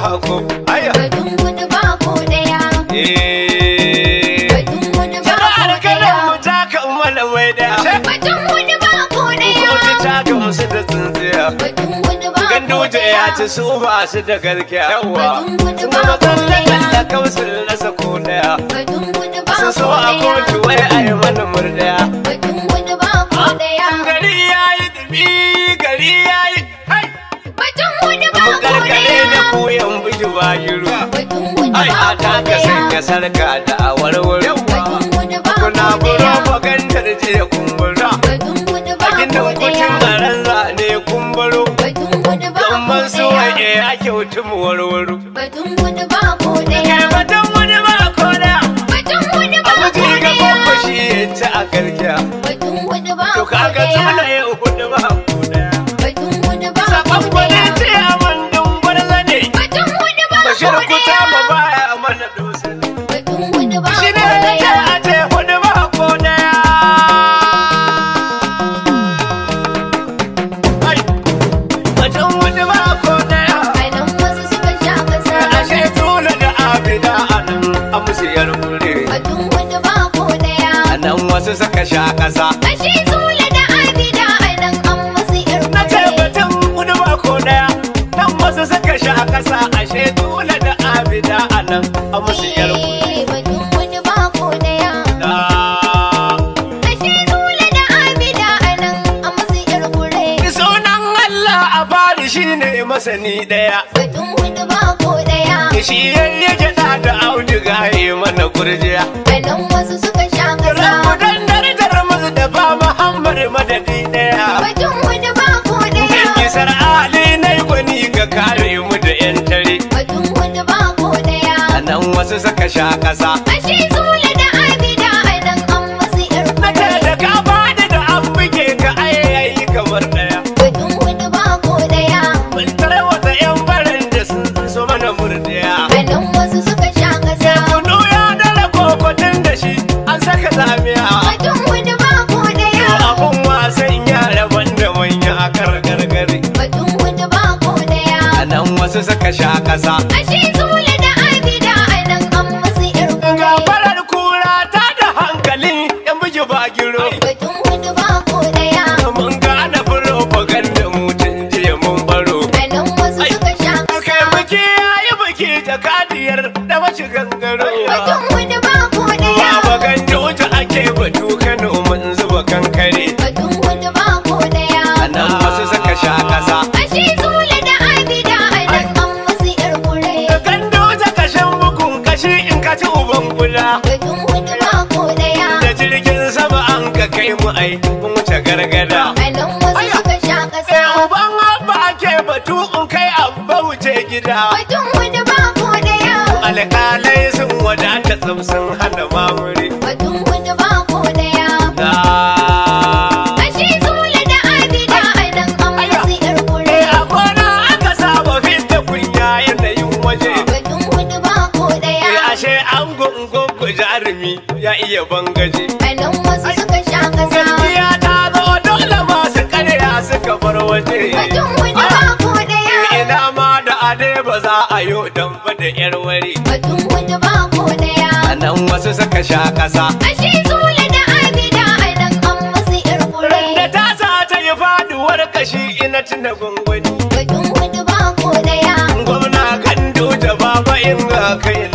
ba ko aya batun gudu ba ko daya eh mu ba ko daya ta taka musu da tsintsiya batun ba ya ci su ba su da daya ba ko daya so a kotu wai a yi mana murdaya ba ko daya gari dubi gari hai mu da koyan buji bayiru ai a taka sanya sarka da awarwar kuna bagantar kumbura a gindin kucin su waje a kyautu mu batun ba ko daya batun ba ko daya batun ba ko daya a guji ga ya ci a karkiya da gurjiya. ganin wasu suka sha kasa rabu dan darajar musu da ba muhammad madadi daya bakin mu da ba ko daya bilkisar ali yi gwani ga kare mu da yan tare bakin mu da ba ko daya nan wasu suka sha kasa ashe saka suka a ƙasa. gargada. Eh, batu kai a gida. wani Alƙalai sun wadata tsamsin hana mamuri. Batun wani bako da ɗaya. Ashe da abida a kure. Eh, a aka saba kunya yanayin waje. Batun wani eh, Ashe an gungun jarumi ya iya bangaje. a ba za a yi ba da yar wari. Batun wata ba ko daya. A nan wasu suka sha kasa. Ashe zula da abida a an masu yar kure. Randa ta sa ta yi faduwar kashi ina tuna gwangwani. Batun wata ba ko daya. Gwamna kan doja baba in ga kai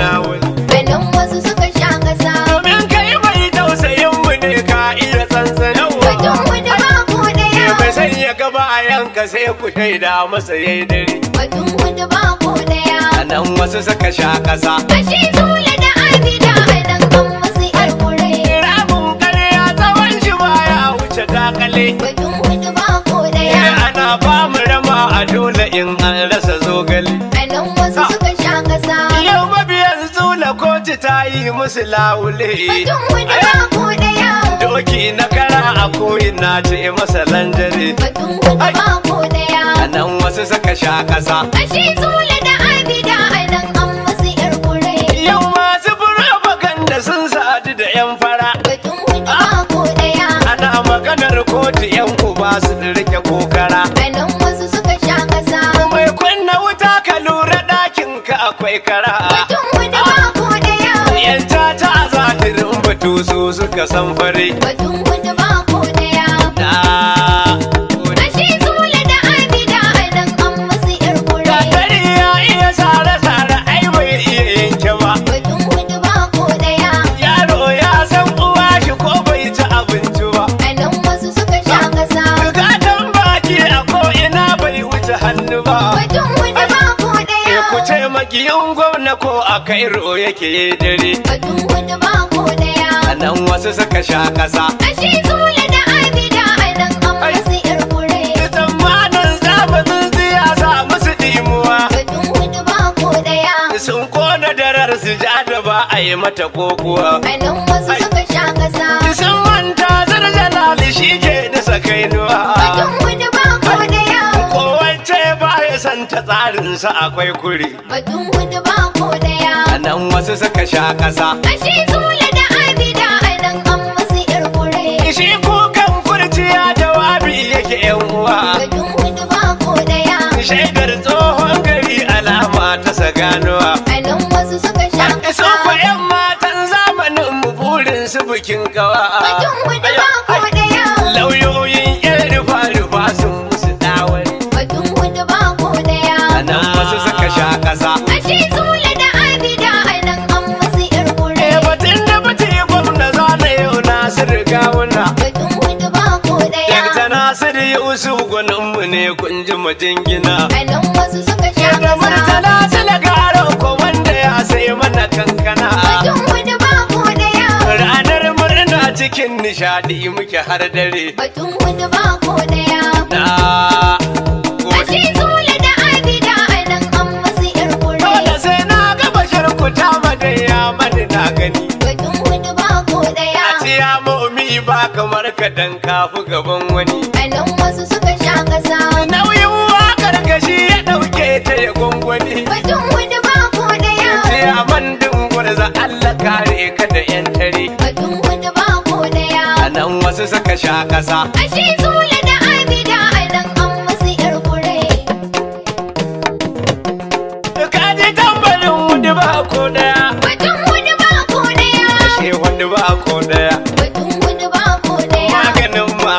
haka sai ku shaida masa yayi dare batun wata ba ko daya anan wasu suka sha kasa ashe dole da abida nan kan wasu yar kure ramin karya tsawon shi baya wuce dakale batun wata ba ko daya ana ba mu rama a dole in an rasa zogale anan wasu suka sha kasa yau mabiyan zula koci ta yi musu laule batun wata ba ko daya doki na kara a koyin na ce masa lanjare batun kuma mako daya nan wasu suka sha kasa ashe zule da abida a nan an masu yar kure yau masu fura da sun sadu da yan fara batun kuma mako daya ana maganar kotu yan ba su rike kokara a nan wasu suka sha kasa mai kunna wuta ka lura dakin ka akwai kara batun kuma mako daya batu su suka san fari. batun gudu ba ko daya da Ashe zula da abida anan an musu yar kure kakari ya iya sare sare ai bai iya yanke ba batun gudu ba ko daya yaro ya san uwa shi ko bai ci abinci ba anan wasu suka sha kasa bukatan baki a ko ina bai wuce hannu ba batun gudu ba ko daya ku ce magiyin gwamna ko a kairo yake dare batun gudu ba ko daya a nan wasu suka sha kasa ashe zule da abida a nan amma su yar kure idan manan zamanin ziya sa musu dimuwa batun hudu ba ko daya sun kona darar su ja da ba a yi mata kokuwa a nan wasu suka sha kasa Kisan manta zarjala da shi ke da sakainuwa batun hudu ba ko daya tsarinsa akwai kure batun hudu ba ko daya a nan wasu suka sha kasa ashe zule da shi kukan kurciya jawabi yake yan uwa shaidar tsohon gari alama ta saganuwa a wasu suka sha ƙasa yan matan zamanin mu burin su bikin kawa su gwaninmu ne kun ji majingina. Anan wasu suka sha gasa. Daga murtala karo ko wanda ya sayi mana kankana. Mutum wani babu daya. Ranar murna cikin nishaɗi muke har dare. Mutum wani babu daya. Na. Ashe zuwa. kamar ka dan kafu gaban wani Alon wasu suka sha kasa nauyin wakar gashi ya dauke ta ya gwangwani batun wani ba ko da ya ce eh, a bandin za Allah kare ka da yan tare batun wani ba ko da ya anan wasu suka sha kasa ashe zule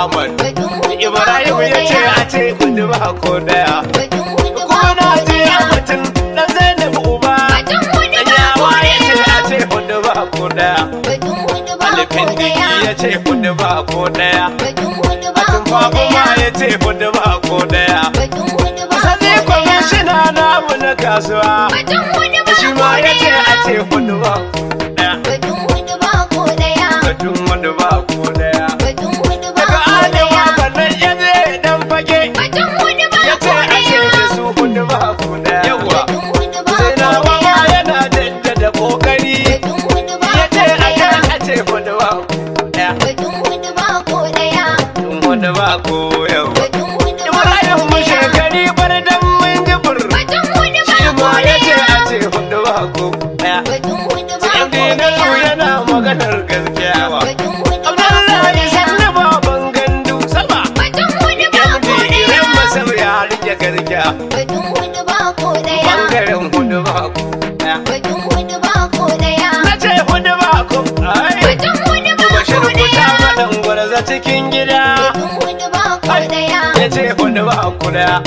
Ahmad Ibrahim ya ce a ce budurwa hako daya kuma na ce ya mutum na uba ya ce a ce ba ko daya alifin diki ya ce ko daya ya ce daya sani kwamishina namu na kasuwa shi ma ya ce a ce ba ko daya ba ko ba sarkin gida ya ce hudu ba kula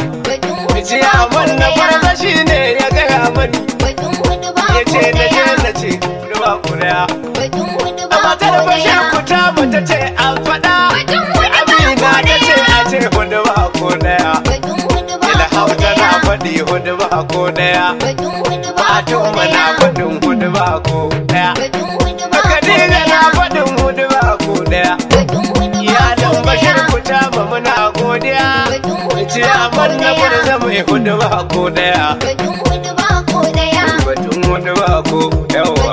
ce abin na farza shi ne ya gaya mani ya ce na je na ce hudu ba kula a matar bashin kuta ba ce an faɗa amina ta ce a ce hudu ba kula ilhauta na faɗi hudu ba kula fatu mana faɗin hudu ba ko ɗaya. Kadira na faɗin hudu ba ko ɗaya. daya ce a bar gabar zama hudu ba ko daya batun hudu ba ko daya batun hudu ba ko yawa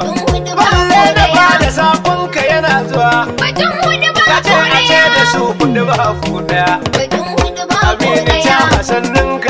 balle da ba da sabon ka yana zuwa batun hudu ba ko daya ka ce da su hudu ba ko daya batun da ba ko daya ta sannan ka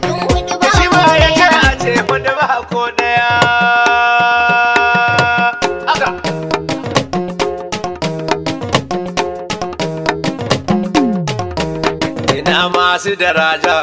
considerada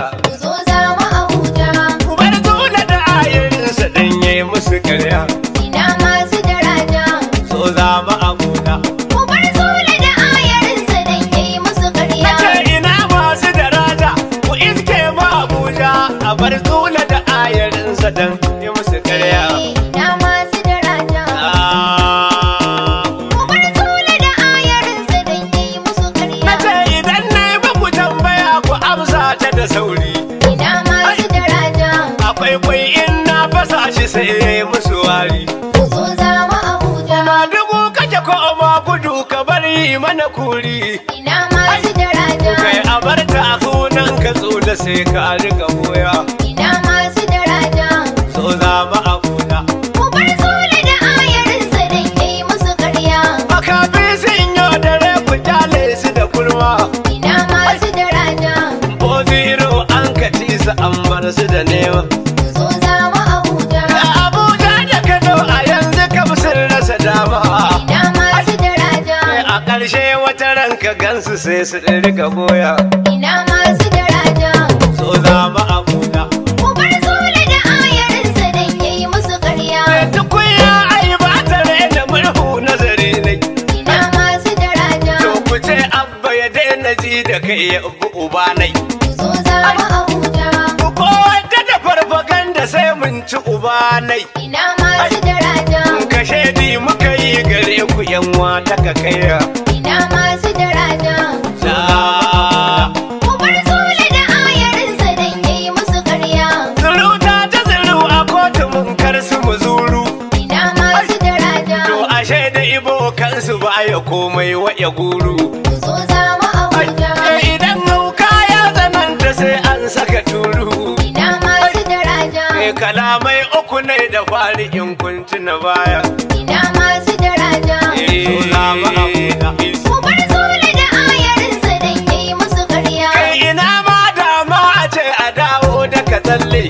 sauri ina masu daraja a kwaikwai in na fasa shi sai ya yi musu wari ku za mu abuja dubu kake ko ma gudu ka bari mana kuri ina masu daraja kai a barta a kunan ka tsoda sai ka riga boya ina masu daraja so za mu ka gansu sai su rika goya ina masu daraja so za mu abuja ku bar da ayarinsa dan yayi musu ƙarya tukunya ai ba tare da murhu nazari ne ina masu daraja to ku ce abba ya daina ji da kai ya komai waya guru zo za mu abuja eh, idan hauka ya tsananta sai an saka turu ina masu daraja eh, kalamai uku ne da fari Kuntuna baya ina masu daraja eh, zo za mu abuja mu bar zule da ayarinsa dan yayi musu karya. kai ina ma dama a ce a dawo daga tsalle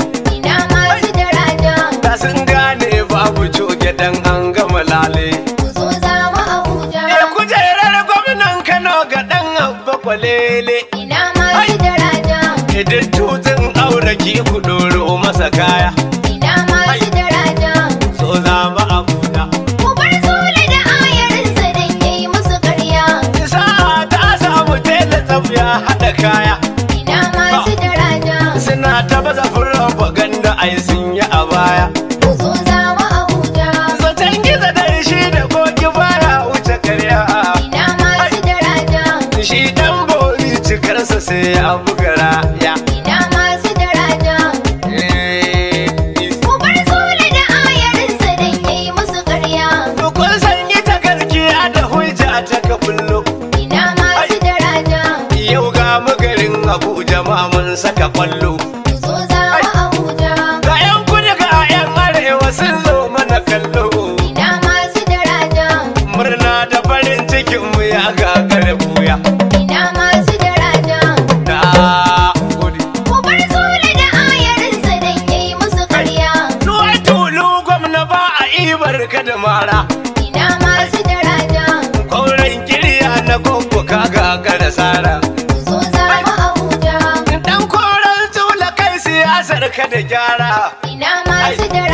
kwalele ina ma da raja idan tutun aure ki ku doro masa kaya ka kwallo sarka da gyara ina masu da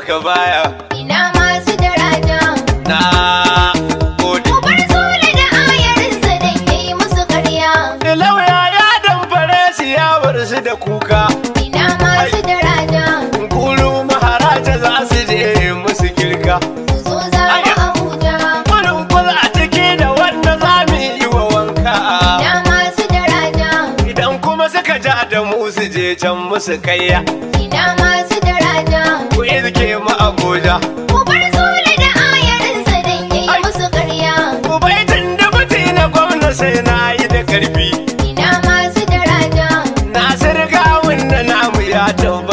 maka baya ina masu daraja na gode bar zule da ayarinsa da yi musu ƙarya da ya damfare shi ya bar su da kuka ina masu daraja kulu maharaja za su je musu kirka ciki da za yi wa wanka daraja idan kuma suka ja da mu su je can musu kayya Abuja. Gobar zura da ayarinsa don ya yi musu ƙarya. Gobar tun da mutu na gwamna sai na yi da ƙarfi. Ina masu daraja. na gawun da namu ya tauba.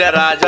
considerar